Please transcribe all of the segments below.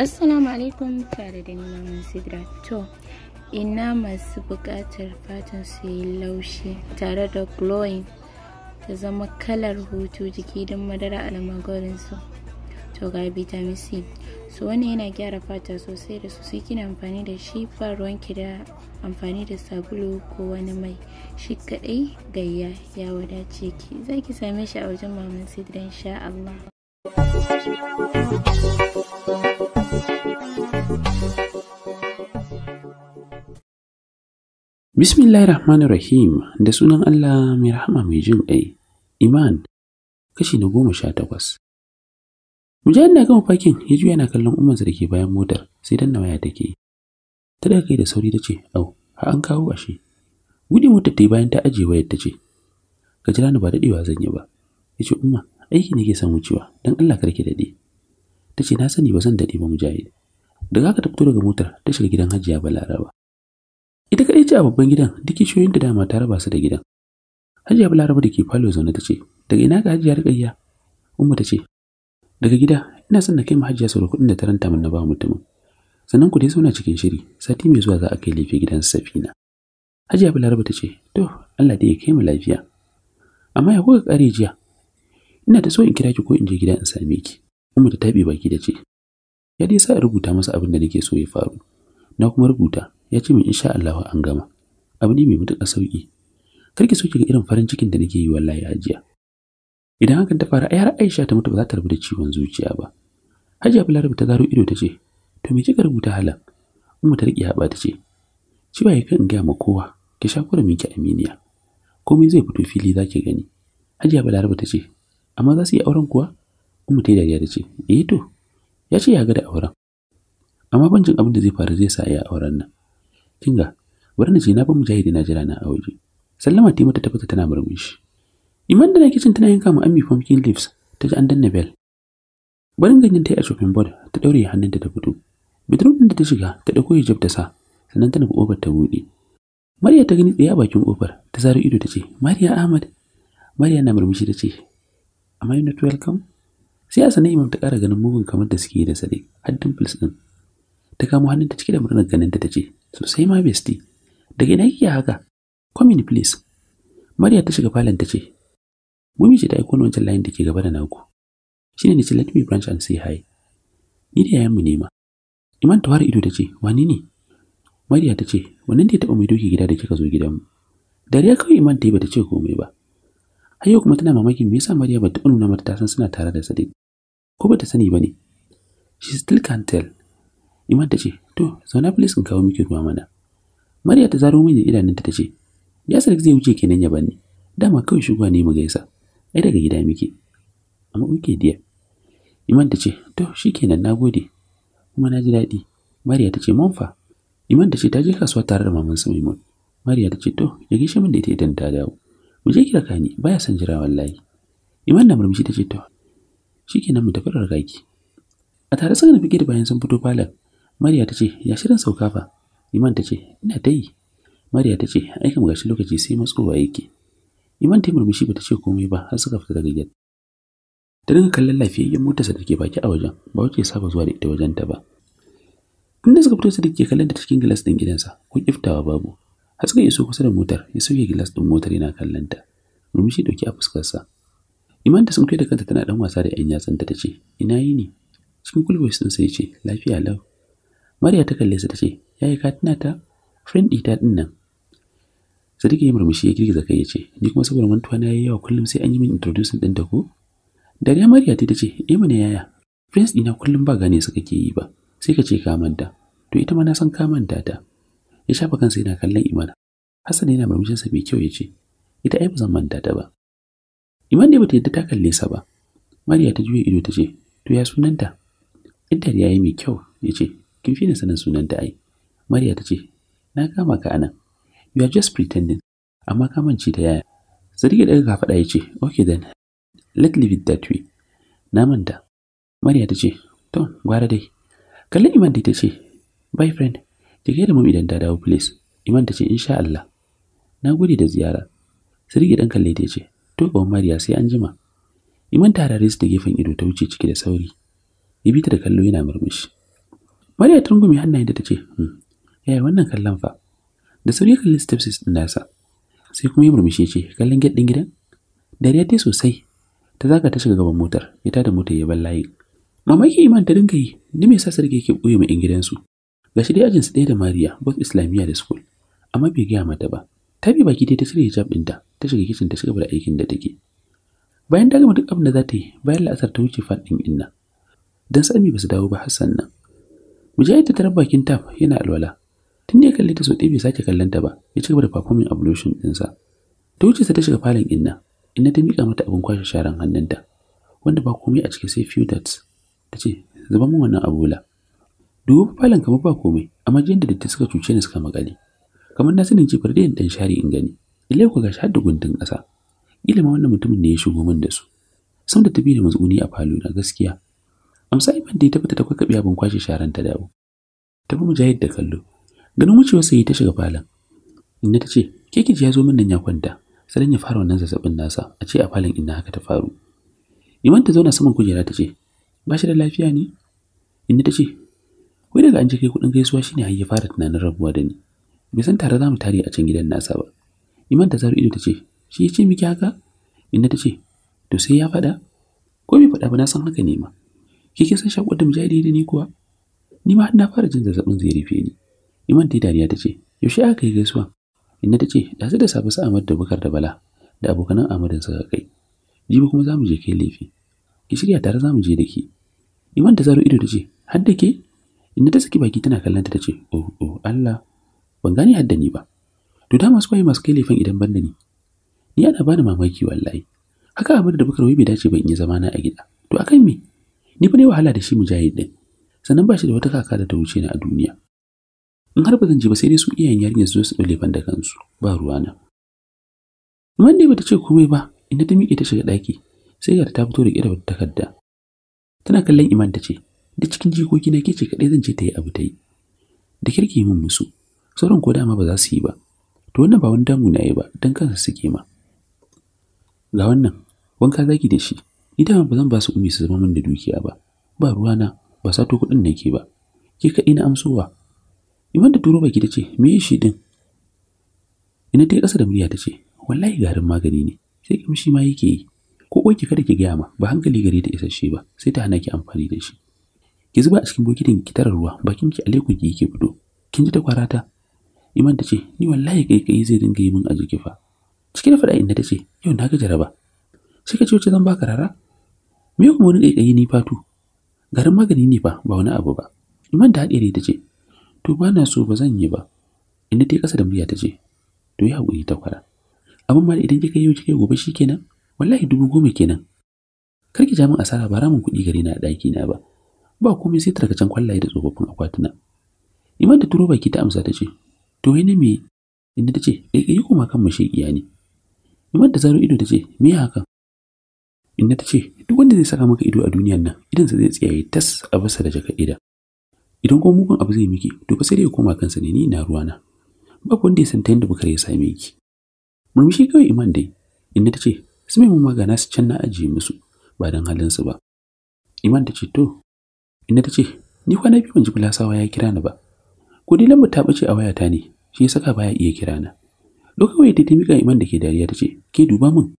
assalamu alaikum tare da ni maman to ina masu buƙatar fatan su yi laushi tare da glowing ta zama kalar hutu jiki don madara almagorin su to ga vitamin c su wani yana gyara fata sosai da sosai kina amfani da shi ba da amfani da sabulu ko wani mai shi kadai gayya ya wadace ki zaki same shi a wajen maman sidra insha Allah Bismillahir Rahmanir Rahim da sunan Allah mai rahama mai jin ƙai. Iman kashi na goma sha takwas. Mujahid na gama fakin ya juya yana kallon umar da ke bayan motar sai danna waya take. Ta daga kai da sauri ta ce, "Au, ha an kawo ashe." Gudi motar ta yi bayan ta ajiye wayar ta ce, "Ka jira ni ba daɗewa zan yi ba." Ya ce, "Umma, aiki ne ke son wucewa, dan Allah karki daɗe." Ta ce, "Na sani ba zan daɗe ba Mujahid." Daga haka ta fito daga motar ta shiga gidan Hajiya Balaraba. ita kaɗai ce a babban gidan duk kishiyoyin da dama ta raba su da gidan hajiya balaraba da ke falo zaune ta ce daga ina ga hajiya rikayya umma ta ce daga gida ina son na kai ma hajiya sauro kuɗin da ta ranta min na ba mutumin sannan ku dai zauna cikin shiri sati mai zuwa za a kai lefe gidan safina hajiya balaraba ta ce to allah dai ya kai mu lafiya amma ya kuka kare jiya ina ta so in kira ki ko in je gida in same ki umma ta taɓe baki da ce ya dai sa rubuta masa abin da nake so ya faru na kuma rubuta ya ce min insha Allah an gama abu ne mai matuƙar sauki kar ki so ga irin farin cikin da nake yi wallahi hajiya idan hakan ta fara ayar Aisha ta mutu ba za ta rabu da ciwon zuciya ba Hajiya Balarabe ta garo ido ta ce to me kika rubuta halan Umma ta riƙe haɓa ta ce ci ba kan gaya ma kowa ki sha kuɗin miki aminiya komai zai fito fili zaki gani Hajiya Balarabe ta ce amma za su yi auren kuwa Umma ta yi dariya ta ce eh to ya ce ya ga da auren amma ban jin abin da zai faru zai sa ya auren nan kinga bari na je na ba mujahidi na jira na a waje sallama ta mata tabbata tana murmushi iman da na kicin tana yanka mu ammi pumpkin leaves ta ji an danna bell barin ganyen ta yi a shopping board ta ɗaure hannunta ta fito bedroom din da ta shiga ta ɗauko hijab ta sa sannan ta nufi kofar ta buɗe Mariya ta gani tsaye a bakin ƙofar ta zaro ido ta ce Mariya Ahmad Mariya na murmushi ta ce Am I not welcome? Sai a sanin imam ta ƙara ganin mugun kamar da suke da sare har dimples ɗin ta kamo hannunta cike da murnar ganinta ta ce sosai ma besti daga ina kike haka come in please Mariya ta shiga falon ta ce Gumi ce ta aiko ni wancan layin da ke gaba da naku. Shi ne ce let me branch and say hi. Ni da yayan mu ne ma. Iman ta ido ta ce, wani ne? Mariya ta ce, wannan da ya taɓa mai doki gida da kika zo gidanmu. Dariya kawai Iman ta yi bata ce komai ba. Hayyo kuma tana mamakin me yasa Mariya bata nuna mata ta san suna tare da Sadiq. Ko bata sani ba ne? She still can't tell. Iman ta ce, To, zauna filis in kawo miki ruwa mana. Mariya ta zaro mini idanunta ta ce, ya sarik zai wuce kenan ya bani. Dama kawai shigowa ne mu gaisa. Ai daga gida miki. Amma uke diya. Iman ta ce, To, shikenan nagode. Kuma na ji daɗi. Mariya ta ce, Mun fa. Iman ta ce ta je kasuwa tare da maman su Maimun. Mariya ta ce, To, ya gaishe min da ita idan ta dawo. Mu je kira kani, baya son jira wallahi. Iman na murmushi ta ce, To, shikenan mu tafi rarraki. A tare suka fi gida bayan sun fito falon. Mariya ta ce, ya shirin sauka fa? Iman ta ce, ina ta yi. Mariya ta ce, ai kam gashi lokaci sai matsowa yake. Iman ta yi murmushi bata ce komai ba har suka fita daga gidan. Ta dinga kallon lafiyayyen motarsa da ke baki a wajen, ba wacce saba zuwa da ita wajen ta ba. Inda suka fito su da ke kallon da cikin gilas ɗin gidansa, ko kiftawa babu. Har suka iso kusa da motar, ya sauke gilas din motar yana kallon ta. Murmushi ɗauki a fuskarsa. Iman ta sun kai da kanta tana dan wasa da 'yan yatsanta ta ce, "Ina yi ne?" Cikin kulbus sun sai ce, "Lafiya lau." Mariya ta kalle su ta ce, "Yayi ka tuna ta? Friend ɗita ɗinnan. nan." Sadiq ya murmushi ya girgiza kai ya ce, "Ni kuma saboda mantuwa na yayi yawa kullum sai an yi min introducing ɗin ta ko?" Dariya Mariya ta ce, "Eh mana yaya, friends ɗina kullum ba gane suka ke yi ba, sai ka ce ka manta." To ita ma na san ka manta ta. Ya shafa kansa yana kallon imana Hassan yana murmushin sa mai kyau ya ce, "Ita ai ba zan manta ta ba." Iman ne bata yadda ta kalle sa ba. Mariya ta juya ido ta ce, "To ya sunanta?" Idan ya yi mai kyau ya ce, kin fi ni sanin sunanta ai Mariya ta ce na kama ka anan you are just pretending amma ka mance ta yaya Sadiq daga kafaɗa ya ce okay then let leave it that way na manta Mariya ta ce to gwara dai kallon Iman dai ta ce bye friend ki gaida mu idan ta dawo please Iman ta ce insha Allah na gode da ziyara Sadiq dan kalle ta ce to ba Mariya sai an jima Iman tarare su da gefen ido ta wuce ciki da sauri. Ibita da kallo yana murmushi. Mariya ta rungume hannayen da ta ce, hmm, "Yaya wannan kallon fa?" Da sauri kalli stepsis ɗin nasa. Sai kuma ya murmushi ce, "Kallon gate ɗin gidan?" Dariya ta sosai. Ta zaga ta shiga gaban motar, ya da motar ya bar layi. Mamaki Iman ta dinga yi, ni mai sasar ke ke ɓoye mai gidan gidansu. Ga shi dai su ɗaya da Mariya, both Islamiyya da school. Amma bai gaya mata ba. Ta bi baki dai ta cire hijab ɗinta, ta shiga kicin ta shiga da aikin da take. Bayan ta gama duk abin da za ta yi, bayan la'asar ta wuce faɗin inna. Dan sami ba su dawo ba Hassan nan. Mujahid ta tarar bakin tap yana alwala. Tun da ya kalli ta so ɗaya bai sake kallon ta ba, ya ci gaba da fafomin ablution ɗinsa. Ta wuce sa ta shiga falon inna, inna ta miƙa mata abin kwashe sharan hannunta, wanda ba komai a ciki sai few dots. Ta ce, zuba min wannan abula. Dubu falon kamar ba komai, amma jiyan da datti suka cuce ni suka makale. Kamar na sanin jifar da yin ɗan shari in gani. Ilai ku ga shahar da guntun ƙasa. Ilima wannan mutumin ne ya shigo min da su. Sam da ta bi da matsuguni a falo na gaskiya amsa iman da ya tabbata ta kwakaɓe abin kwashe sharan ta dawo ta bi mujahid da kallo ganin wucewar sai ta shiga falon inna ta ce kekiji ya zo min nan ya kwanta sanin ya fara wannan zazzabin nasa a ce a falon inna haka ta faru iman ta zauna saman kujera ta ce ba shi da lafiya ne inna ta ce wai daga an je kai kuɗin gaisuwa shine har ya fara tunanin rabuwa da ni bai san tare za mu tare a can gidan nasa ba iman ta zaro ido ta ce shi ya ce miki haka inna ta ce to sai ya faɗa ko bai faɗa ba na san haka ne ma Ki kisan san shaƙuwar da mujahidi da ni kuwa? Ni ma na fara jin zazzabin zai rufe ni. Iman ta dariya ta ce, Yaushe aka yi gaisuwa? Inna ta ce, Da su da safe su amar da Bukar da Bala da abokanan Ahmadin suka kai. Jibi kuma za mu je kai laifi. Ki shirya tare zamu je da ke. Iman ta zaro ido ta ce, Har da ke? Inna ta saki baki tana kallon ta ta ce, Oh, oh, Allah, ban gane har da ni ba. To da masu kwaye masu kai laifin idan ban da ni. Ni ana bani mamaki wallahi. Haka Ahmad da Bukar wai bai dace ba in yi zamana a gida. To akan me? ni fa ne wahala da shi mujahid din sannan ba shi da wata kaka da ta wuce ni a duniya in har ba zan je ba sai dai su iyayen yarinyar su su dole da kansu ba ruwa na. ruwana ba bata ce komai ba inda ta miƙe ta shiga ɗaki sai ga ta fito da ƙira wata takarda tana kallon iman ta ce da cikin jikoki na ke ce kaɗai zan ce ta yi abu ta yi da kirki min musu sauran ko dama ba za su yi ba to wannan ba wani damu na yi ba don kansa suke ma ga wannan wanka zaki da shi ni ba zan ba su umi su zama min da dukiya ba ba ruwana ba sato kuɗin nake ba ke kaɗai na amsowa iman da turo baki ta ce me shi din ina ta ƙasa da murya ta ce wallahi garin magani ne sai kamshi ma yake yi ko ki kada ki gaya ma ba hankali gare ta isasshe ba sai ta hana ki amfani da shi ki zuba a cikin bokitin ki tara ruwa bakin ki aleku ki yake fito kin ji ta kwarata iman ta ce ni wallahi kai kai zai dinga yi min a jiki fa cike da fada inda ta ce yau na ga jaraba sai ka ce wace zan baka rara me kuma wani ƙaiƙayi ni fatu garin magani ne fa ba wani abu ba iman da haɗe ta ce to ba na so ba zan yi ba inda ta yi ƙasa da murya ta ce to yi haƙuri ta kwara abin ma idan kika yi yau kika gobe shi kenan wallahi dubu goma kenan kar ki ja min asara ba ramin kuɗi gari na ɗaki na ba ba komai sai tarkacen kwallaye da tsofaffin akwatuna iman da turo baki ta amsa ta ce to wai ne me inda ta ce ƙaiƙayi eh, eh, kuma kan iya ne iman da zaro ido ta ce me haka inda ta ce duk wanda zai saka maka ido a duniyan nan idan sa zai tsiyaye tas a bisa da jaka ida idan kuma mugun abu zai miki to fa sai dai ya koma kansa ne ni na ruwana ba wanda ya san ta yadda bukar ya same ki murmushi kawai iman dai inda ta ce su mai magana su can na ajiye musu ba don halinsu ba iman ta ce to inda ta ce ni kwana biyu ban ji bulasawa ya kira ni ba ko dai lambar ta bace a wayata ne shi ya saka baya iya kira na lokacin waya ta taimaka iman da ke dariya ta ce ke duba mun?"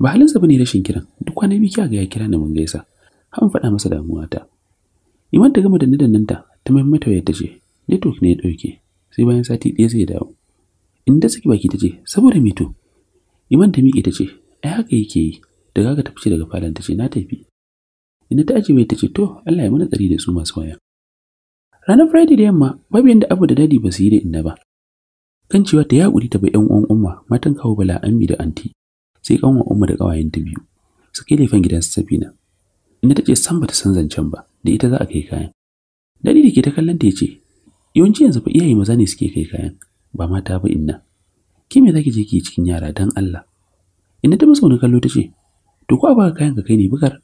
ba halinsa bane rashin kiran duk kwana biyu kiya ga ya kira ni mun gaisa han faɗa masa damuwa ta iman ta gama danne dannen ta ta mai mata wayar ta ce network ne ya ɗauke sai bayan sati ɗaya zai dawo in da saki baki ta ce saboda me to iman ta miƙe ta ce ai haka yake yi daga haka ta fice daga falon ta ce na tafi Ina ta ajiye mai ta ce to Allah ya mana tsari da su masu waya ranar friday da yamma babu yanda abu da dadi ba su yi da inda ba kan cewa ta ya ta bai yan uwan umma matan kawo bala ammi da anti sai kanwa umma da kawayenta biyu suke lefan gidan safina inda tace san bata san zancen ba da ita za a kai kayan dadi da ke ta kallon ta yace yawanci yanzu fa iyaye maza ne suke kai kayan ba mata ba inna ki me zaki je ki cikin yara dan Allah inna ta masa wani kallo ce. to ko a baka kayan ka kai ne bukar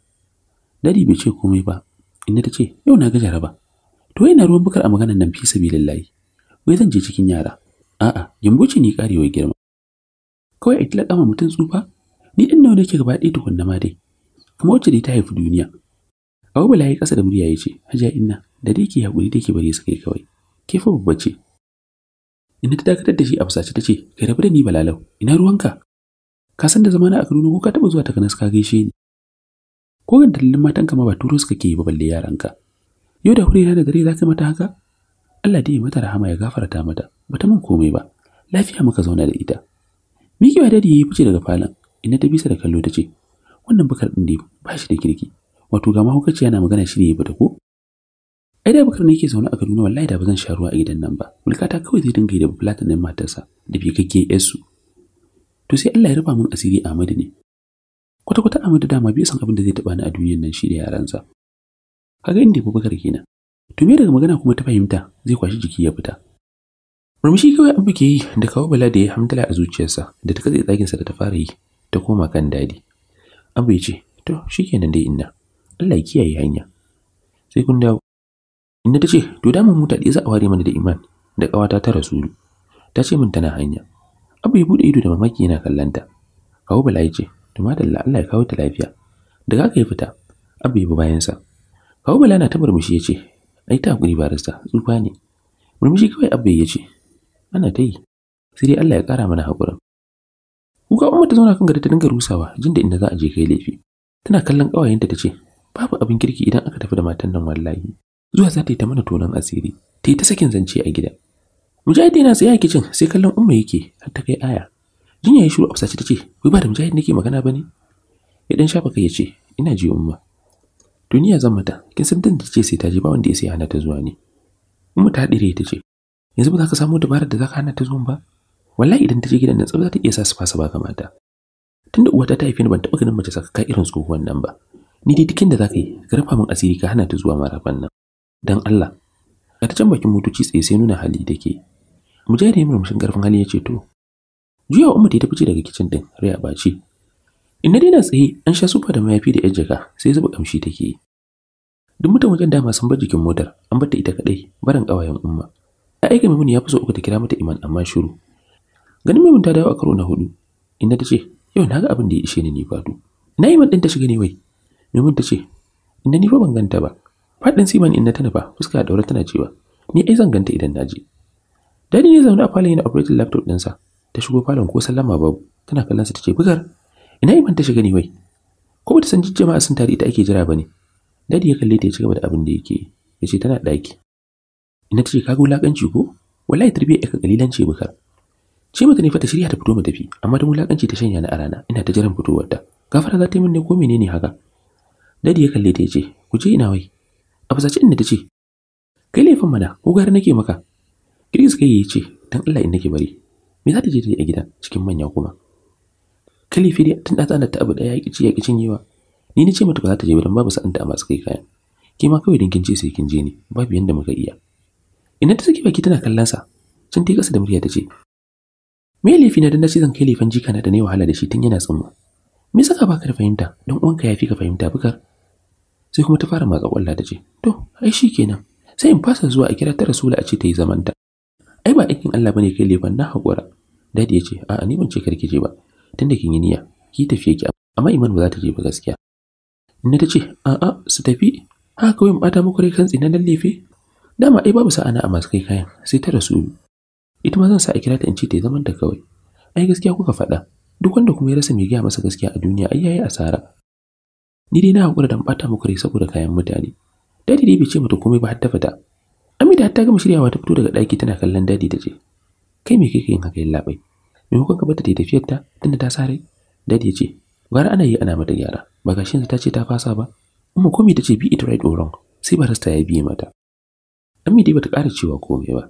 dadi bai ce komai ba inna ce, yau na ga jaraba to ina ruwan bukar a maganar nan fi sabilillahi wai zan je cikin yara a'a yambo ce ni karewa girma kawai a kila mutum tsufa ni ɗan nawa nake gaba ɗaya tukunna ma dai kuma wacce dai ta haifi duniya abu bala ya ƙasa da murya ya ce hajiya inna da dai ke haƙuri ke bari su kai kawai ke fa babba ce Ina ta dakatar da shi a fusace ta ce kai rabu da ni balalau ina ruwanka ka san da zamana a Kaduna ko ka taɓa zuwa Takanas ka gaishe ni ko ga dalilin matan ma ba turo suka ke yi ba balle yaranka yau da hurina da dare za ka mata haka Allah dai mata rahama ya gafarta mata bata mun komai ba lafiya muka zauna da ita Mikiwa dadi ya yi fice daga falon, ina ta bisa da kallo ta ce, Wannan bakar ɗin dai ba shi da kirki, wato ga mahaukaci yana magana shi ne ya bata ko? Ai da bakar ne yake zaune a Kaduna wallahi da ba zan sha ruwa a gidan nan ba, mulkata kawai zai dinga yi da bufulatan ɗin matarsa da fikakke ‘yarsu. To sai Allah ya rufa mun asiri Ahmadu ne. Kwata-kwata Ahmadu dama bai san abin da zai taɓa ni a duniyar nan shi da yaransa. Kaga inda Abubakar kenan. To me daga magana kuma ta fahimta zai kwashi jiki ya fita. Murmushi kawai abu ke yi da kawo bala da ya hamdala a zuciyarsa da ta katse tsakinsa da ta fara yi ta koma kan dadi. Abu ya ce, To, shi ke nan dai inna, Allah ya kiyaye hanya. Sai kun dawo. Inna ta ce, To damar mota ɗaya za a ware mana da iman da ƙawata ta rasulu. Ta ce min tana hanya. Abu ya buɗe ido da mamaki yana kallanta. Kawo bala ya ce, To madalla Allah ya kawo ta lafiya. Daga aka yi fita, abu ya bi bayansa. Kawo bala na ta murmushi ya ce, Ai ta hakuri barista, tsufa ne. Murmushi kawai abu ya ce, ana ta yi sai dai Allah ya ƙara mana haƙurin kuka umma ta zauna kan gari ta dinga rusawa jin inda za a je kai laifi tana kallon ƙawayenta ta ce babu abin kirki idan aka tafi da matan nan wallahi zuwa za ta yi ta mana tonon asiri ta yi ta sakin zance a gida mujahid yana tsaye a kicin sai kallon umma yake har ta kai aya jinya ya shiru a fusace ta ce wai ba da mujahid nake magana ba ne ya shafa kai ya ce ina ji umma duniya zan mata kin san dan ce sai ta ji ba wanda ya sai hana ta zuwa ne umma ta dire ta ce yanzu ba za ka samu dabarar da za ka hana ta zuwan ba wallahi idan ta je gidan nan tsaf za ta iya sa su fasa ba mata. tunda uwata ta haife ni ban taɓa ganin mace sakaka irin tsohuwan nan ba ni dai dukin da za ka yi ka rufa min asiri ka hana ta zuwa marafan nan dan Allah ka ta can bakin motoci tsaye sai nuna hali da ke mujahid ya murmushin karfin hali ya ce to juya umma ta fice daga kicin din rai a baci in na daina tsaye an sha sufa da mayafi da yan jaka sai zuba kamshi take yi duk mutum wajen dama sun bar jikin motar an bar ta ita kadai barin kawayen umma aika mai muni ya fi so uku ta kira mata iman amma shiru ganin maimun ta dawo a karo na hudu inda ta ce yau na ga abin da ya ishe ni ni fadu na iman ɗin ta shiga ne wai maimun ta ce inda ni fa ban ganta ba faɗin siman inda ta nufa fuska a daure tana cewa ni ai zan ganta idan na je dadi ne zaune a falon yana operating laptop ɗinsa ta shigo falon ko sallama babu tana kallon sa ta ce bugar ina iman ta shiga ne wai ko bata san jijjima sun tari ita ake jira ba ne? dadi ya kalle ta ya gaba da abin da yake ya ce tana ɗaki ina ce kaga wulakanci ko wallahi tarbiya ka kalilan ce bukar ce mata ne fa ta shirya ta fito mu tafi amma da wulakanci ta shanya na a rana ina ta jiran fitowar ta gafara za ta yi min ne ko menene haka dadi ya kalle ta yace ku je ina wai a fasace inda ta ce kai laifin mana ko gara nake maka kiris kai yace dan Allah in nake bari me za ta je ta yi a gida cikin manya kuma kalifi dai tun da ta ta abu daya ya kici ya kicin yawa ni ni ce mata ba za ta je ba dan babu sa'anta a masu kai kayan kima kawai dinkin ce sai kin je ni babu yanda muka iya ina ta saki baki tana kallon sa, can ta kasa da murya ta ce, Me lifi na dan nace zan kai laifin jika na da ne wahala da shi tun yana tsamma. Me saka baka da fahimta? Dan uwanka ya fi ka fahimta bukar. Sai kuma ta fara maka kwalla ta ce, To, ai shi kenan. Sai in fasa zuwa a kira ta Rasula a ce ta yi ta Ai ba aikin Allah bane kai laifin na haƙura. Dadi ya ce, A'a ni ban ce karki je ba. Tunda kin yi niyya, ki tafiye ki amma Iman ba za ta je ba gaskiya. Inna ta ce, A'a su tafi, haka kawai mu bata muku rai kan tsinan lalle dama ai babu sa'ana a masu kai kayan sai ta rasu ita ma zan sa a kira ta in ce ta zaman da kawai ai gaskiya kuka faɗa duk wanda kuma ya rasa mai gaya masa gaskiya a duniya ai yayi asara ni dai na hakura da bata muku rai saboda kayan mutane dadi dai bai ce mata komai ba har ta fita amida har ta gama shiryawa ta fito daga ɗaki tana kallon dadi ta ce kai me kake yin haka yin labai maimakon ka bata ta tafiyar ta tunda ta sare dadi ya ce gwara ana yi ana mata gyara ba gashin ta ce ta fasa ba kuma komai ta ce bi it right or wrong sai barista ya biye mata Ammi dai bata kara cewa komai ba.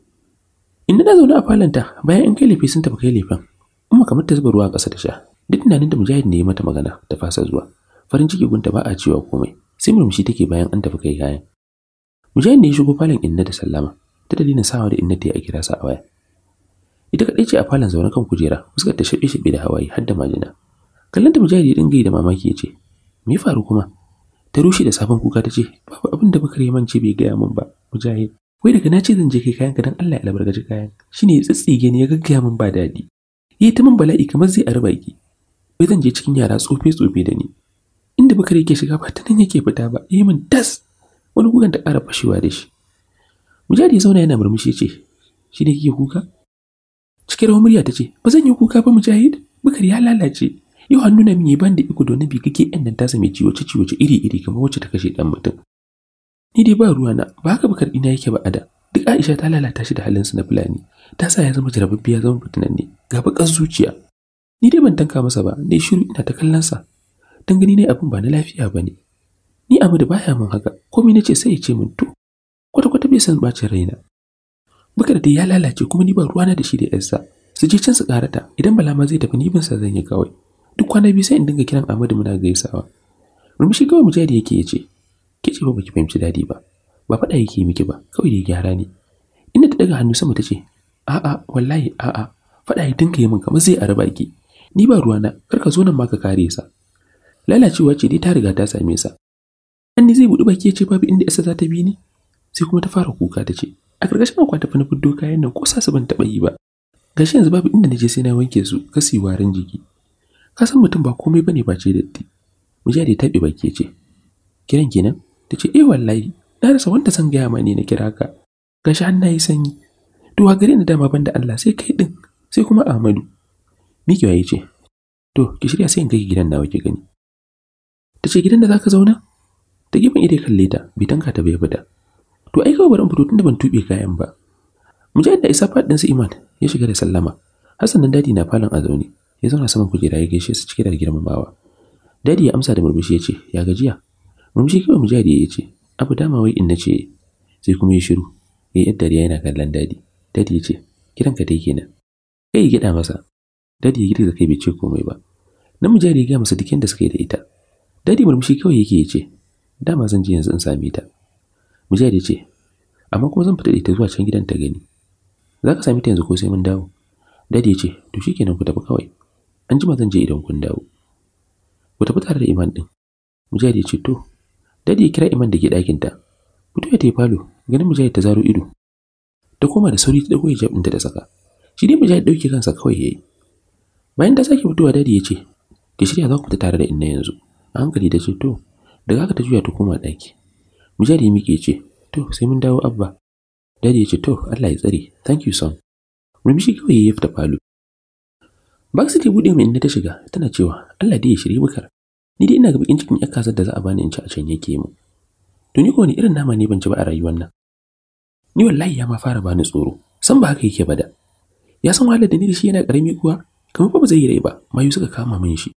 Inda na zaune a falanta bayan in kai lefe sun tafi kai lefen. Umma kamar ta zuba ruwa a ƙasa ta sha. Duk tunanin da Mujahid ne ya mata magana ta fasa zuwa. Farin ciki gunta ba a cewa komai. Sai murmushi take bayan an tafi kai kayan. Mujahid ne ya shigo falon Inna da Sallama. Ta dalilin sawa da Inna ta yi a kira sa a waya. Ita kaɗai ce a falon zaune kan kujera, fuskar ta shaɓe-shaɓe da hawaye har da majina. Kallon da Mujahid ya dinga yi da mamaki ya ce, Me faru kuma? ta rushe da sabon kuka ta ce babu abin da bakar ya mance bai gaya min ba mujahid wai daga na ce zan je kai kayan ka dan Allah ya albarkaci kayan shine ya tsitsige ni ya gaggaya min ba daɗi yi ta min bala'i kamar zai arba ki wai zan je cikin yara tsofe tsofe da ni inda bakar yake shiga ba ta nan yake fita ba ya yi min tas wani kukan ta ƙara fashewa da shi mujahid ya zauna yana murmushi ce shine kike kuka cikin rawar murya ta ce ba zan yi kuka ba mujahid bakar ya lalace yau hannu na min ban da iko nabi bi kake yan nan tasa mai ciwoce ciwoce iri iri kamar wacce ta kashe dan mutum ni dai ba ruwa na ba haka bakar ina yake ba a da. duk Aisha ta lalata shi da halin sa na fulani ta sa ya zama jarababbiya zama ne ga bakar zuciya ni dai ban tanka masa ba dai shiru ina ta kallon sa dan gani ne abin ba na lafiya bane ni abu da baya mun haka komai ce sai ya ce min to kwata kwata bai san bacin raina bakar dai ya lalace kuma ni ba ruwa na da shi da yarsa su je can su karata idan bala ma zai tafi ni bin sa zan yi kawai duk kwana biyu sai in dinga kiran Ahmadu muna gaisawa murmushi kawai jari yake ya ce ke ce ba baki fahimci dadi ba ba faɗa yake miki ba kawai dai gyara ne inda ta daga hannu sama ta ce a'a wallahi a'a faɗa ya dinga yi min kamar zai araba ki ni ba ruwana kar ka zo nan ma ka kare sa lalacewa ce dai ta riga ta same sa an ni zai buɗi baki ya ce babu inda isa za ta bi ni sai kuma ta fara kuka ta ce a ƙarƙashin akwai ta na fiddo kayan nan ko sa su ban taɓa yi ba gashi yanzu babu inda na je sai na wanke su kasi warin jiki ka mutum ba komai bane ba ce datti mujahid da taɓe baki ke ce kiran kenan ta ce eh wallahi na rasa wanda san gaya ma ne na kira ka gashi an nayi sanyi to a gare ni dama banda Allah sai kai din sai kuma Ahmadu miki ya ce to ki shirya sai in ga gidan nawa ki gani tace gidan da zaka zauna ta gefen ide kalle ta bai tanka ta bai bada. to ai kawai bari in fito tunda ban tube kayan ba mujahid da isa fadin su iman ya shiga da sallama Hassan nan dadi na falon a zaune. ya zauna saman kujera ya gaishe su cike da bawa dadi ya amsa da murmushi ya ce ya gajiya murmushi kawai mujahidi ya ce abu dama wai in ce. sai kuma ya shiru ya yi dariya yana kallon dadi dadi ya ce kiranka dai kenan kai gida masa dadi ya girgiza kai bai ce komai ba nan jari ya gaya masa duk da suka yi da ita dadi murmushi kawai yake ya ce dama zan ji yanzu in sami ta mujahid ya ce amma kuma zan fita da ita zuwa can gidan ta gani za ka sami ta yanzu ko sai mun dawo dadi ya ce to kenan ku tafi kawai an jima zan je idan kun dawo ku tafi tare da iman din mujahid ya ce to dadi kira iman da ke dakin ta ku tafi tafi falo ganin mujahid ta zaro ido ta koma da sauri ta dauko hijab ɗinta da saka shi dai mujahid dauke kansa kawai yayi bayan ta sake fitowa dadi ya ce ki shirya za ku fita tare da inna yanzu a hankali da ce to daga haka ta juya ta koma ɗaki mujahid ya miƙe ce to sai mun dawo abba dadi ya ce to Allah ya tsare thank you son murmushi kawai ya fita falo Baksa ta buɗe min inda ta shiga tana cewa Allah dai ya shirya bukar. Ni dai ina ga bakin cikin ƴar kazar da za a bani in ci a can yake mu. To ni ko wani irin nama ne ban ci ba a rayuwar nan. Ni wallahi ya ma fara bani tsoro. San ba haka yake ba da. Ya san wahalar da ni da shi yana karami kuwa kamar ba zai yi rai ba mayu suka kama min shi.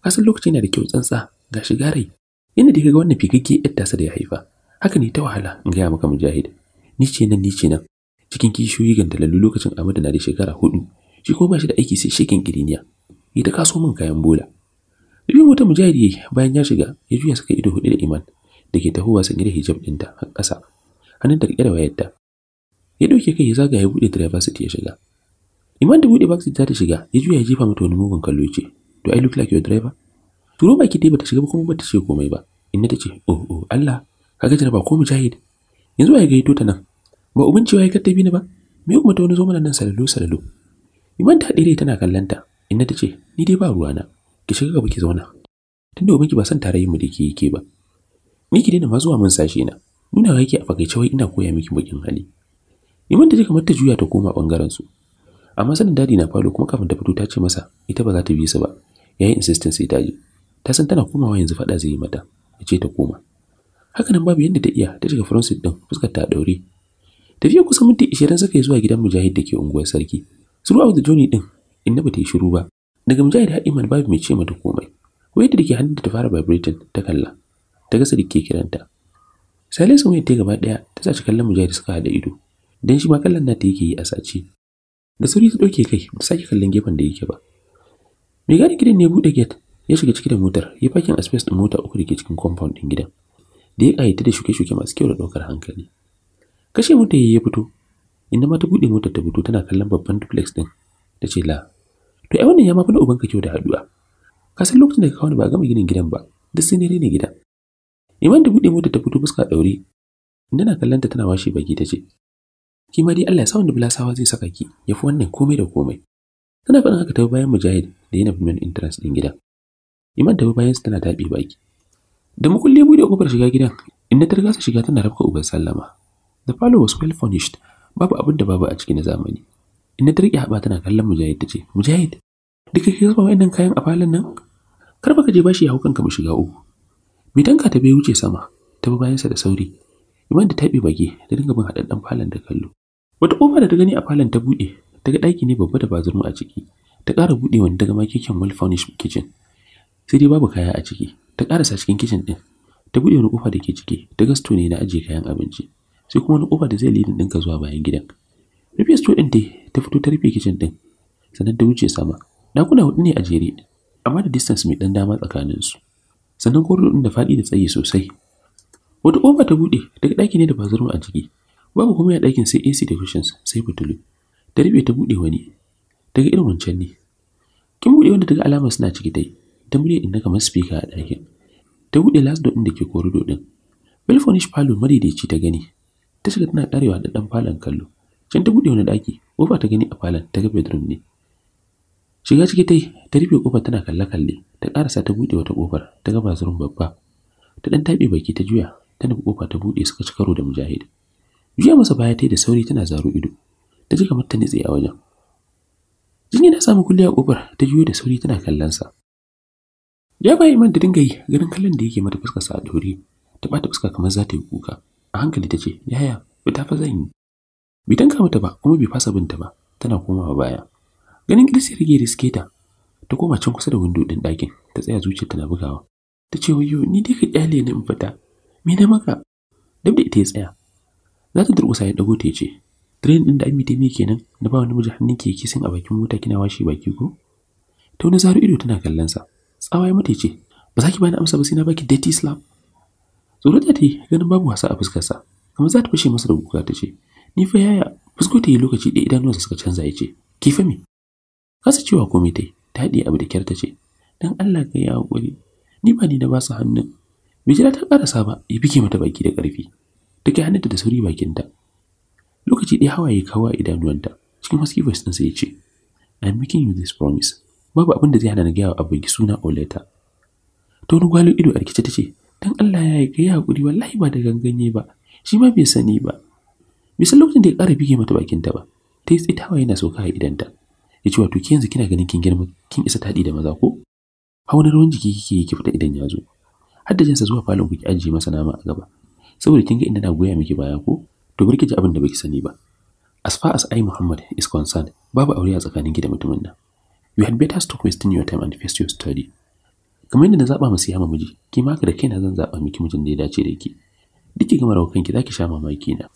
Kasan lokaci yana da kyau tsantsa ga shiga rai. Yadda da ga wannan fikakke ƴar tasa da ya haifa. Haka ne ta wahala in gaya maka mujahid. Ni ce nan ni ce nan. cikin kishiyoyi gandalalu lokacin Amadu na da shekara hudu shi ko ba shi da aiki sai shekin kiriniya yi ta kaso min kayan bola Rufe wata mujahidi bayan ya shiga ya juya suka ido hudu da iman da ke tahowa sanye da hijab ɗinta har ƙasa hannun da ƙyar wayarta ya ɗauke kai ya zaga ya buɗe city ya shiga iman da buɗe backseat za ta shiga ya juya ya jefa mata wani mugun kallo ce to I look like your driver turo ba dai bata shiga ba kuma bata ce komai ba inna ta ce oh oh Allah kaga jaraba ko mujahid yanzu ya gaito ta nan ba ubin cewa ya kattabi ni ba me kuma ta wani zo mana nan salalo salalo Iman ta haɗe tana kallanta, inna ta ce, Ni dai ba ruwana, ki shiga gaba baki zauna. Tunda domin ki ba san tarayin mu da ke yake ba. Ni ki daina ma zuwa min sashe na, nuna yake a fakaice wai ina koya miki bakin hali. Iman ta ji kamar ta juya ta koma bangaren su. Amma sanin dadi na falo kuma kafin ta fito ta ce masa ita ba za ta bi su ba. Yayi insistence sai ta ji. Ta san tana komawa yanzu faɗa zai yi mata. Ya ce ta koma. Hakanan babu yadda ta iya ta shiga Francis din fuskar ta daure. Tafiya kusan minti ishirin suka yi zuwa gidan Mujahid da ke unguwar sarki. Throughout the journey din, inna ba ta yi shiru ba. Daga Mujahid har Iman babu mai ce mata komai. wai da ke hannunta ta fara vibrating ta kalla. Ta gasa dake kiranta. Salisu mai ta gaba ɗaya ta saci kallon Mujahid suka hada ido. Dan shi ma kallon nata yake yi a sace. Da sauri ta ɗauke kai ba sake kallon gefen da yake ba. Mai gadi gidan ne bude gate ya shiga ciki da motar ya fakin a space din mota uku da ke cikin compound din gidan. Da ya kayyade da shuke-shuke masu kyau da daukar hankali. Kashe yi ya fito inda ma ta buɗe motar ta fito tana kallon babban duplex ɗin ta ce la to ai wannan ya ma fi na ubanka kyau da haɗuwa ka san lokacin da ka kawo ni ba a gama ginin gidan ba duk sai ne ne gidan iman da buɗe motar ta fito fuska ɗaure inda na kallon ta tana washe baki ta ce ki ma dai Allah ya sa wanda bulasawa zai saka ki ya fi wannan komai da komai tana faɗin haka ta bayan mujahid da yana bin interest ɗin gidan iman ta bayan tana taɓe baki da makulle buɗe kofar shiga gidan inda tar riga shiga tana rafka uban sallama the palo was well furnished babu abin da babu a ciki na zamani Inna ta riƙe haɓa tana kallon mujahid ta ce mujahid duka ke zama wa'annan kayan a falon nan kar baka je bashi ya hau ka mu shiga uku bitanka ta bai wuce sama ta bi bayansa da sauri iman da taɓe bage ta dinga bin haɗaɗɗen falon da kallo wata ƙofa da ta gani a falon ta buɗe daga ga ɗaki ne babba da bazurmu a ciki ta ƙara buɗe wani daga makeken well furnished kitchen sai dai babu kaya a ciki ta ƙarasa cikin kitchen ɗin ta buɗe wani ƙofa da ke ciki ta gasto ne na ajiye kayan abinci sai kuma wani kofa da zai lidin ɗinka zuwa bayan gidan rufiyar sto ɗin dai ta fito ta rufe kicin ɗin sannan ta wuce sama ɗakuna hudu ne a jere amma da distance mai ɗan dama su sannan korido ɗin da faɗi da tsayi sosai wata kofa ta buɗe daga ɗaki ne da bazarum a ciki babu kuma ya ɗakin sai ac da cushions sai fitilu ta rufe ta buɗe wani daga irin wancan ne kin buɗe wanda daga alama suna ciki dai ta murya inda kamar speaker a ɗakin ta buɗe last ɗin da ke korido ɗin Belfonish Palo madaidaici ta gani, ta shiga tana karewa da ɗan falon kallo can ta buɗewa wani ɗaki kofa ta gani a falon ta ga bedroom ne shiga ciki tai ta rufe kofar tana kalle kalle ta karasa ta buɗe wata kofar ta ga bazurin babba ta ɗan taɓe baki ta juya ta nufi kofa ta buɗe suka ci karo da mujahid juya masa baya tai da sauri tana zaro ido ta ji kamar ta nitse a wajen jinya ta samu kulliya kofar ta juya da sauri tana kallon sa ya bayi man da dinga yi ganin kallon da yake mata fuskar sa a dore ta bata fuska kamar za ta yi kuka a hankali ta ce yaya fita fa zan yi bai tanka mata ba kuma bai fasa binta ba tana komawa baya ganin kirsi ya rage riske ta ta koma can kusa da windo din ɗakin ta tsaya zuciyar tana bugawa ta ce wayo ni dai ka kyale ni in fita me na maka da ita ya tsaya za ta durƙusa ya dago ta ce train din da Ami ta mi kenan na ba wani miji hannun ke kisin a bakin mota kina washe baki ko ta wani zaro ido tana kallon sa tsawaye mata ce ba za ki bani amsa ba sai na baki dirty slap Tsoro ta yi ganin babu wasa a fuskarsa, kamar za ta fashe masa da kuka ta ce, Ni fa yaya, fusko ta yi lokaci da idanuwansa suka canza ya ce, Ki fa me? Kasa cewa komai ta yi, ta haɗe abu da kyar ta ce, Dan Allah ka yi haƙuri, ni ba ni da ba su hannun. Bai jira ta ƙarasa ba, ya bige mata baki da ƙarfi. Ta kai hannunta da sauri bakinta. Lokaci ɗaya hawaye kawo a idanuwanta, cikin husky voice ɗinsa ya ce, I'm making you this promise. Babu abin da zai hana na gaya wa abin suna Oleta. Ta wani ido a rikice ta ce, dan Allah ya yi kai hakuri wallahi ba da ganganye ba shi ma bai sani ba bisa lokacin da ya ƙara bige mata bakinta ba ta yi tsitawa yana sauka a ta ya ce wato yanzu kina ganin kin girma kin isa taɗi da maza ko hauna ruwan jiki kike yi ki fita idan ya zo har da jinsa zuwa falon ki ajiye masa nama a gaba saboda kin ga inda na goya miki baya ko to bar ki ji abin da baki sani ba as far as I Muhammad is concerned babu aure a tsakaninki da mutumin nan you had better stop wasting your time and face your study kamar yadda na zaba mu siya miji ki ma haka da kaina zan zaba miki mutum da ya dace da ki duk ki gama rawa kanki zaki sha mamaki na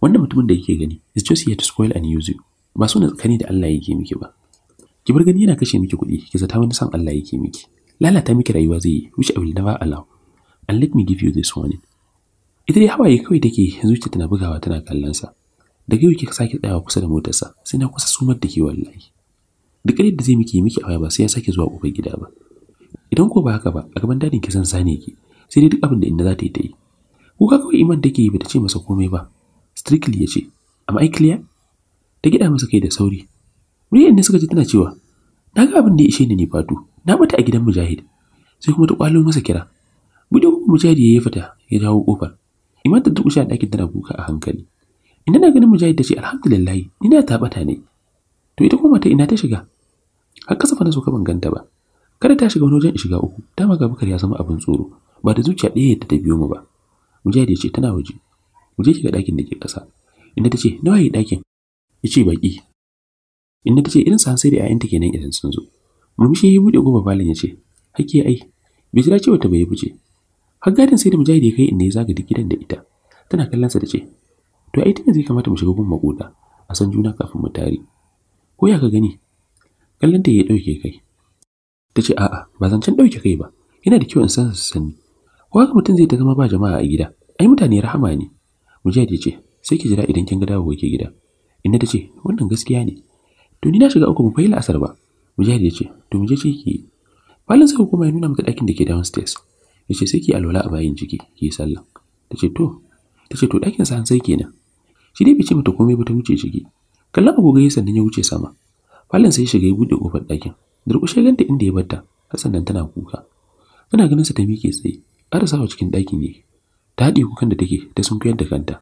wannan mutumin da yake gani is just here to spoil and use you ba so na tsakani da Allah yake miki ba ki bar gani yana kashe miki kuɗi ki zata wani san Allah yake miki lalata miki rayuwa zai yi which I will never allow and let me give you this warning ita dai hawaye kawai take zuciya tana bugawa tana kallon sa daga yau kika sake tsayawa kusa da motarsa sai na kusa sumar da ke wallahi duk da zai miki miki a waya ba sai ya sake zuwa kofar gida ba idan ko ba haka ba a gaban dadin ki zan sani ki sai dai duk abin da inda za ta yi ta yi kuka kawai iman take yi bata ce masa komai ba strictly ya ce am i clear ta gida masa kai da sauri muryar ne suka ji tana cewa na ga abin da ya ishe ni ne fatu na mata a gidan mujahid sai kuma ta kwalo masa kira bude kuma mujahid ya yi fita ya jawo kofar iman ta dukusha a tana kuka a hankali ina na ganin mujahid ta ce alhamdulillah ni na tabata ne to ita kuma ta ina ta shiga har kasafa na so ka ban ganta ba kada ta shiga wani wajen shiga uku dama ga bakar ya zama abin tsoro ba da zuciya ɗaya yadda ta biyo mu ba mujahid ya ce tana waje mu je shiga ɗakin da ke ƙasa inda ta ce nawa yi ɗakin ya ce baƙi inda ta ce irin sa sai da ‘ya'yanta kenan idan sun zo mu murmushi ya buɗe goma falon ya ce hake ai bai jira cewa ta bai buce har gadin sai da mujahid ya kai inda ya zaga duk gidan da ita tana kallon sa da ce to ai tunda zai kamata mu shiga gun makoda a san juna kafin mu tari. ko ya ka gani kallon ta ya ɗauke kai ta ce a'a ba zan can ɗauke kai ba yana da kyau in san su sani ko haka mutum zai ta zama ba jama'a a gida ai mutane rahama ne mujahid ya ce sai ki jira idan kin ga dawowa ke gida Inna ta ce wannan gaskiya ne to ni na shiga uku mu fahimta asar ba mujahid ya ce to mu je ce ki falon sai hukuma ya nuna mata ɗakin da ke downstairs ya ce sai ki alwala a bayan ciki ki sallah ta ce to ta ce to ɗakin sa sai kenan shi dai bai ce mata komai ba ta wuce ciki kallon agogo ya sannan ya wuce sama falon sai ya shiga ya buɗe ƙofar ɗakin durƙushe ganta inda ya batta ta sannan tana kuka tana ganin sa ta miƙe tsaye ƙara sawa cikin ɗakin ne ta haɗe kukan da take ta sunkuyar da kanta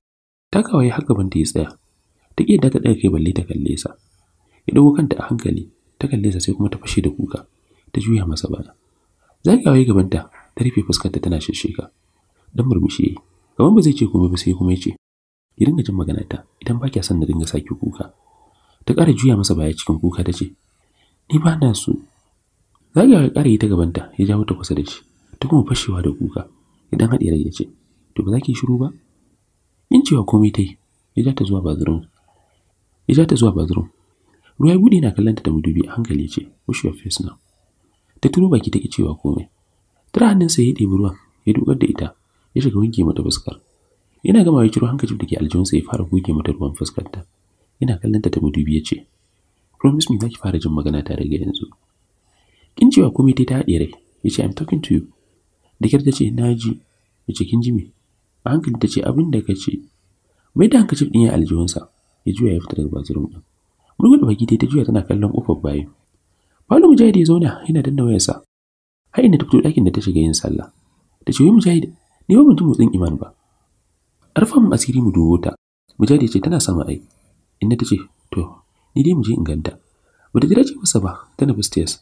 ta kawai har gaban ta ya tsaya ta ƙi yadda ta ɗaga kai balle ta kalle sa ya ɗago kanta a hankali ta kalle sa sai kuma ta fashe da kuka ta juya masa baya ki ya gabanta ta rufe fuskarta tana shisheka dan murmushi gaban ba zai ce komai ba sai kuma ya ce ki dinga jin magana ta idan ba kya son na dinga saki kuka ta ƙara juya masa baya cikin kuka ta ce ni su na ga kare ya ƙara yi ta gabanta ya jawo ta kusa da shi ta kuma fashewa da kuka idan haɗe rai ya ce to ba za ki shiru ba in cewa komai ta yi ya ja ta zuwa bathroom ya ja ta zuwa bathroom ruwa ya buɗe na kallanta ta da mudubi a hankali ya ce wash your face now ta turo baki ta ki cewa komai tara hannunsa ya ɗebi ruwan ya dukar da ita ya shiga wanke mata fuskar yana gama ya ciro hankacin da ke aljihunsa ya fara goge mata ruwan fuskarta yana kallonta ta da mudubi ya ce Promise me za ki fara jin magana tare ga yanzu. Kin cewa komai ta haɗe yace ya ce I'm talking to you. Da kyar ta ce na ji, yace kin ji me? A hankali ta ce abin da ka ce. Mai da hankali din ya aljihunsa, ya juya ya fita daga bathroom din mun gudu baki ta juya tana kallon ƙofar bayi. Falo Mujahid ya zauna yana danna wayarsa. Har inda ta fito ɗakin da ta shiga yin sallah. Ta ce wai Mujahid, ni ba mutum mutsin iman ba. Arfa mu asiri mu dubo ta. Mujahid ya ce tana sama ai. Inna ta ce to ni dai mu je in ganta bata jira ce masa ba ta nufi stairs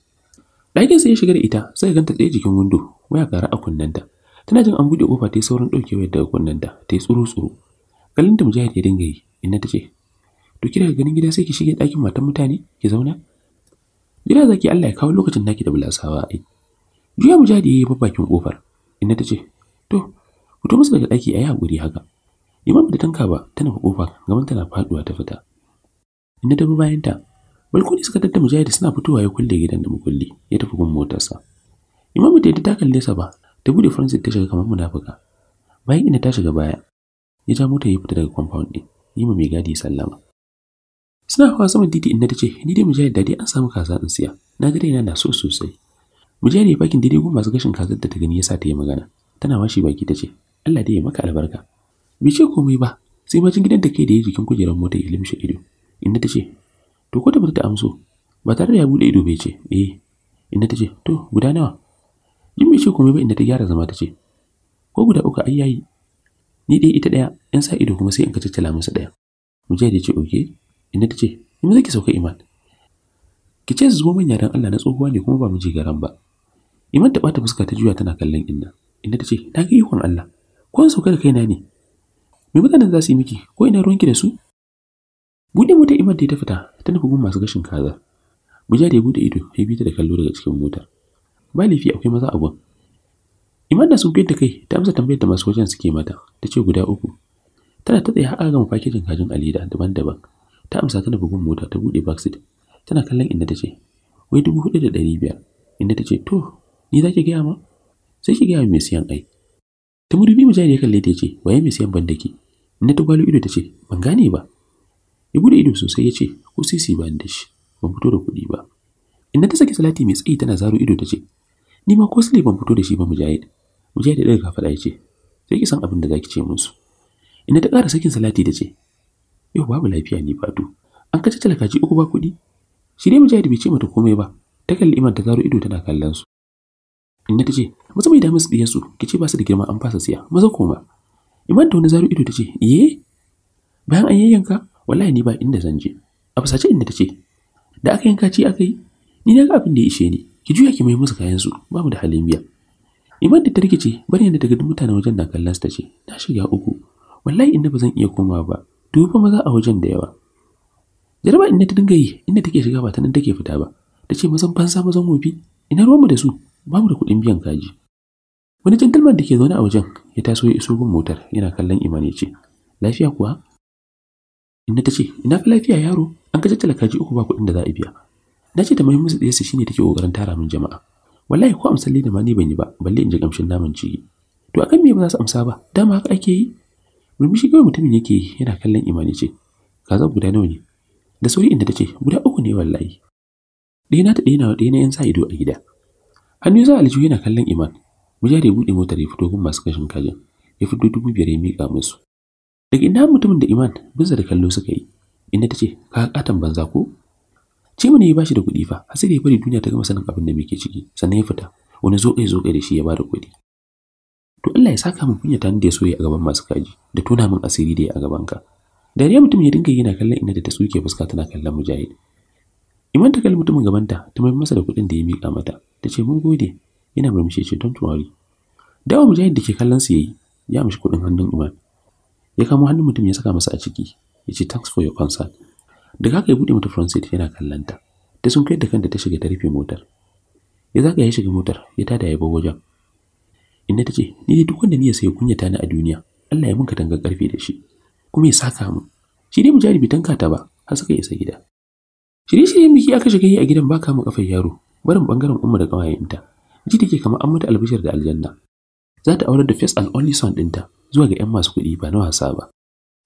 ɗakin sai ya shiga da ita sai ganta tsaye jikin windo waya kara a kunnenta tana jin an buɗe kofa ta yi saurin ɗauke wayar daga kunnenta ta yi tsuru tsuru kallon da mujahid ya dinga yi inna ta ce to ki daga ganin gida sai ki shige ɗakin matan mutane ki zauna gida zaki Allah ya kawo lokacin naki da bulasawa ai juya mujahid ya yi bakin kofar inna ta ce to fito musu daga ɗaki a yi haƙuri haka imam da tanka ba tana kofa gaban tana faɗuwa ta fita inda ta bayan bayanta balkoni suka tattama mujahid suna fitowa ya kulle gidan da mukulli ya tafi gun motarsa imamu ta ta kalle sa ba ta bude faransa ta shiga kamar munafuka bayan ina ta shiga baya ya ja mota ya fita daga compound din ma mai gadi sallama suna hawa saman titi inda ta ce ni dai mujahid dadi an samu kaza in siya na ga dai na so sosai mujahid ya fakin daidai gun masu gashin kazar da ta gani yasa ta yi magana tana washe baki ta ce Allah dai ya maka albarka bai ce komai ba sai bacin gidan da ke da ya jikin kujerar mota ya ido inda ta ce to ko tabbata ta amso ba tare da ya bude ido bai ce eh inda ta ce to guda nawa din bai ce komai ba inda ta gyara zama ta ce ko guda uku ai yayi ni dai ita daya in sa ido kuma sai in ka caccala masa daya mu je ya ce oke inda ta ce in zaki sauka iman ki ce zuwa manya dan Allah na tsohuwa ne kuma ba miji garan ba iman ta bata fuska ta juya tana kallon inna inda ta ce na ga ikon Allah ko sauka da kaina ne me mutanen za su yi miki ko ina ruwanki da su Buɗe motar Iman ta fita ta nufi gun masu gashin kaza. Mujahid ya bude ido ya bi ta da kallo daga cikin motar. Ba laifi akwai maza a gun. Iman na sunkuyar da kai ta amsa tambayar da masu wajen suke mata ta ce guda uku. Tana ta tsaye har gama fakitin kajin alida daban-daban. Ta amsa ta nufi gun mota ta bude seat. Tana kallon inda ta ce, wai dubu hudu da ɗari biyar. Inda ta ce, to, ni za ki gaya ma? Sai ki gaya mai siyan ai. Ta mudubi mujahid ya kalle ta ce, waye mai siyan bandaki?" Inda ta gwalo ido ta ce, ban gane ba. ya bude ido sosai ya ce ko sisi ba da shi ban fito da kuɗi ba inda ta saki salati mai tsayi tana zaro ido ta ce ni ma ko sile ban fito da shi ba mujahid mujahid ya daga faɗa ya ce sai ki san abin da zaki ce musu inda ta ƙara sakin salati ta ce yau babu lafiya ni fatu an kace talakaci uku ba kuɗi shi dai mujahid bai ce mata komai ba ta kalli iman ta zaro ido tana kallon su inda ta ce maza mai damis ɗiyar su ki ce ba su da girma an fasa siya maza koma iman da wani zaro ido ta ce iye bayan an yayyanka wallahi ni ba inda zan je a fasace inda ta ce da aka yanka ci aka yi ni na ga abin da ya ishe ni ki juya ki mai musu kayan su babu da halin biya iman da ta rikice bari yadda daga mutanen wajen na kallon ta ce ta shiga uku wallahi inda ba zan iya komawa ba to fa maza a wajen da yawa jaraba inda ta dinga yi inda take shiga ba ta nan take fita ba ta ce mazan fansa mazan wofi ina ruwan mu da su mu da kuɗin biyan kaji wani gentleman da ke zaune a wajen ya taso ya iso gun motar yana kallon imani ya ce lafiya kuwa Inna ta ce, ina fi lafiya yaro, an ka tattala kaji uku ba kuɗin da za a biya. Na ce da muhimmin su tsaye su shine take kokarin tara min jama'a. Wallahi ko amsalle da ma ni ban yi ba, balle in ji kamshin naman ciki. To akan me ba za su amsa ba? Dama haka ake yi. Murmushi kawai mutumin yake yi yana kallon Imani ce, kaza guda nawa ne? Da sauri inda ta ce, guda uku ne wallahi. Ɗaya na ta ɗaya na ɗaya na 'yan sa ido a gida. Hannu za aljihu yana kallon Iman. Mujahid ya buɗe motar ya fito gun masu kashin kajin. Ya fito dubu biyar ya miƙa musu. daga ina mutumin da iman bisa da kallo suka yi inda ta ce ka katan banza ko ce mu ne ya bashi da kuɗi fa har sai da ya bari duniya ta gama sanin abin da muke ciki sannan ya fita wani zo kai zo kai da shi ya bada kuɗi to Allah ya saka min kunya ni da ya soya a gaban masu kaji da tona min asiri da ya a gaban ka dariya mutum ya dinga yana kallon ina da ta suke fuska tana kallon mujahid iman ta kalli mutumin gabanta ta mai masa da kuɗin da ya miƙa mata ta ce mun gode yana murmushi ce don tuwari dawa mujahid da ke kallon su yayi ya mishi kuɗin hannun iman ya kamo hannun mutum ya saka masa a ciki ya ce thanks for your concern Daga haka ya buɗe mata front seat yana kallanta ta sun kai da kanta ta shiga ta rufe motar ya zaga ya shiga motar ya tada ya bar wajen Inna ta ce ni dai duk wanda ni ya sayo kunyata ni a duniya Allah ya minka tanga karfe da shi kuma ya saka mu shi dai mujari bai tanka ta ba har suka isa gida shirye-shiryen biki aka shiga yi a gidan ba kama kafar yaro barin bangaren umma da ƙawayenta ji take kamar an mata albishir da aljanna za ta aurar da first and only son ɗinta zuwa ga 'yan masu kuɗi ba na wasa ba.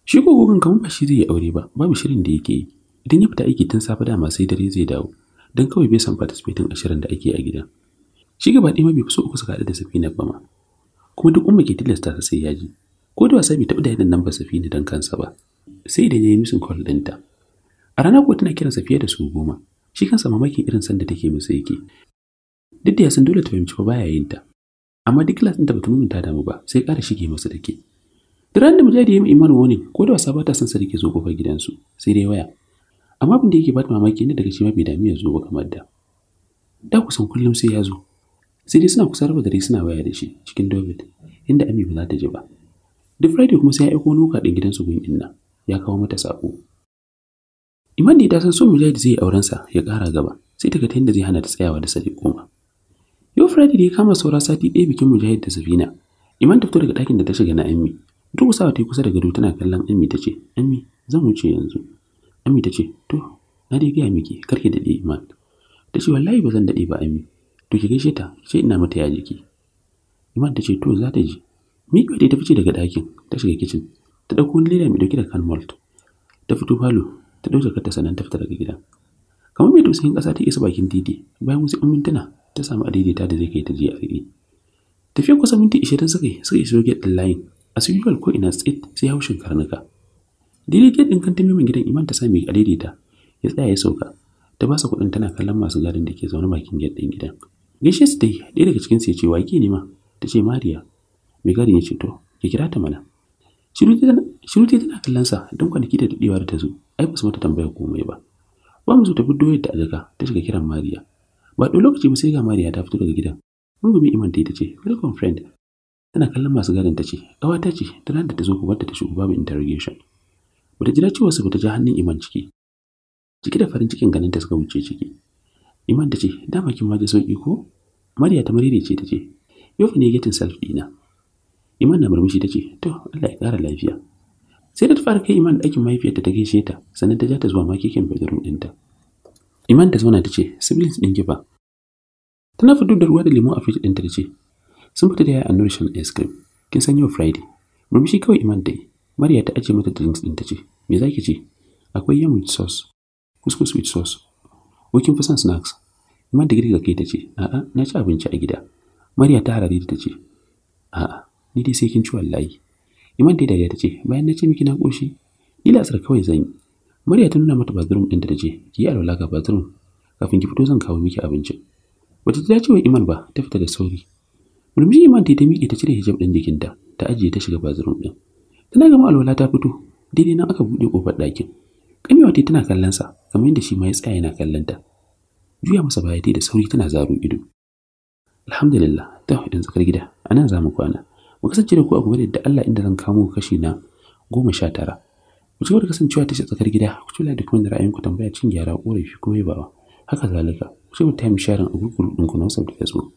Shi ko gogon kamar ba shi zai yi aure ba, babu shirin da yake yi. Idan ya fita aiki tun safe dama sai dare zai dawo, don kawai bai san participating a shirin da ake a gidan. Shi gaba ɗaya ma bai fi so uku suka haɗu da Safina ba ma. Kuma duk umma ke tilasta ta sai ya ji. Ko da wasa bai taɓa da yadda nan ba Safina don kansa ba. Sai idan ya yi musun call ɗinta. A rana ko tana kiransa fiye da su goma. Shi kansa mamakin irin sanda take musu yake. Duk da ya san dole ta fahimci ba baya yin ta, amma duk class da bata ta damu ba sai ƙara shige masa take Turan da Mujahid ya yi Iman wani ko da wasa ba ta son sa dake zo gobe gidansu sai dai waya amma abin da yake bata mamaki ne daga cewa bai dami ya zo ba kamar da da kusan kullum sai ya zo sai dai suna kusa raba gari suna waya da shi cikin David inda Ami ba za ta ji ba duk Friday kuma sai ya aiko nuka ɗin gidansu gun inna ya kawo mata saƙo. Iman da ta san so Mujahid zai auren sa ya ƙara gaba sai ta ga ta yadda zai hana ta tsayawa da Sadiq koma Yau Friday da ya kama saura sati ɗaya bikin Mujahid da Safina. Iman ta fito daga ɗakin da ta shiga na Ammi. Duk sawa ta yi kusa da gado tana kallon Ammi ta ce, Ammi, zan wuce yanzu. Ammi ta ce, To, na dai gaya miki, kar ki daɗe Iman. Ta ce, Wallahi ba zan daɗe ba Ammi. To ki gaishe ta, ce ina mata ya jiki. Iman ta ce, To, za ta ji. Miƙa ta fice daga ɗakin, ta shiga kicin. Ta ɗauko wani leda mai ɗauke da kan malt. Ta fito falo, ta ɗauke jakarta sannan ta fita daga gida. Kamar mai tausayin ƙasa ta isa bakin titi, bayan wasu 'yan mintuna ta samu adaidaita da zai kai ta GFA. Tafiya kusan minti ishirin suka yi suka iso gate line as usual ko ina tsit sai haushin karnuka. Daidai gate ɗin kanta gidan Iman ta sami adaidaita ya tsaya ya sauka ta basa kuɗin tana kallon masu garin da ke zaune bakin gate din gidan. Gaishe su dai ɗaya daga cikin su ya ce wa ke nema ta ce Mariya. Mai gari ya ce to ki kira ta mana. Shiruti tana kallon sa don kwanaki da daɗewa da ta zo ai ba su mata tambaya komai ba. Ba mu zo ta bi doyar da azaka, ta shiga kiran Mariya. ba ɗau lokaci ba sai ga mariya ta fito daga gidan rungumi iman ta ce welcome friend tana kallon masu gadon ta ce ƙawata ce ta da ta zo ku ta shigo babu interrogation bata jira cewa su bata ja hannun iman ciki ciki da farin cikin ganin ta suka wuce ciki iman ta ce dama kin waje sauƙi, sauki ko mariya ta marire ce ta ce yau ne getin self dina iman na murmushi ta ce to Allah ya ƙara lafiya sai da ta fara kai iman ɗakin mahaifiyarta ta gaishe ta sannan ta ja ta zuwa maki bedroom ɗinta Iman ta zauna ta ce, siblings ɗin ki Tana fito da ruwa da lemo a fridge ɗinta ta ce, sun fita da yaya annur shan ice cream. Kin san yau Friday. Murmushi kawai Iman ta yi. Mariya ta ajiye mata drinks ɗin ta ce, me za ki ce? Akwai yam with sauce, couscous with sauce. Wakin oh, fi son snacks. Iman da girgiza kai ta ce, a'a, na ci abinci a gida. Mariya ta harare ta ce, a'a, ni dai sai kin ci wallahi. Iman yi dariya ta ce, bayan na ce miki na ƙoshi, ni tsar kawai zan yi. Murya ta nuna mata bathroom ɗinta ta ce, ki yi alwala ga bathroom, kafin ki fito zan kawo miki abincin. Bata ta ce wa Iman ba, ta fita da sauri. Murmushi Iman ta yi ta miƙe ta cire hijab ɗin jikinta, ta ajiye ta shiga bathroom ɗin. Tana gama alwala ta fito, daidai nan aka buɗe ƙofar ɗakin. Kamewa ta tana kallon sa, kamar yadda shi ma ya tsaya yana kallon ta. Juya masa baya ta da sauri tana zaro ido. Alhamdulillah, ta hudun tsakar gida, a nan za mu kwana. Mu kasance da ku a gobe da Allah inda zan kamo kashi na goma sha tara. ku ci gaba kasancewa ta tsakar gida ku ci da kuma da ra'ayinku tambaya cin gyara ƙorafi ko yabawa haka zalika ku ci gaba ta time sharing a gurgurun ɗinku na WhatsApp da Facebook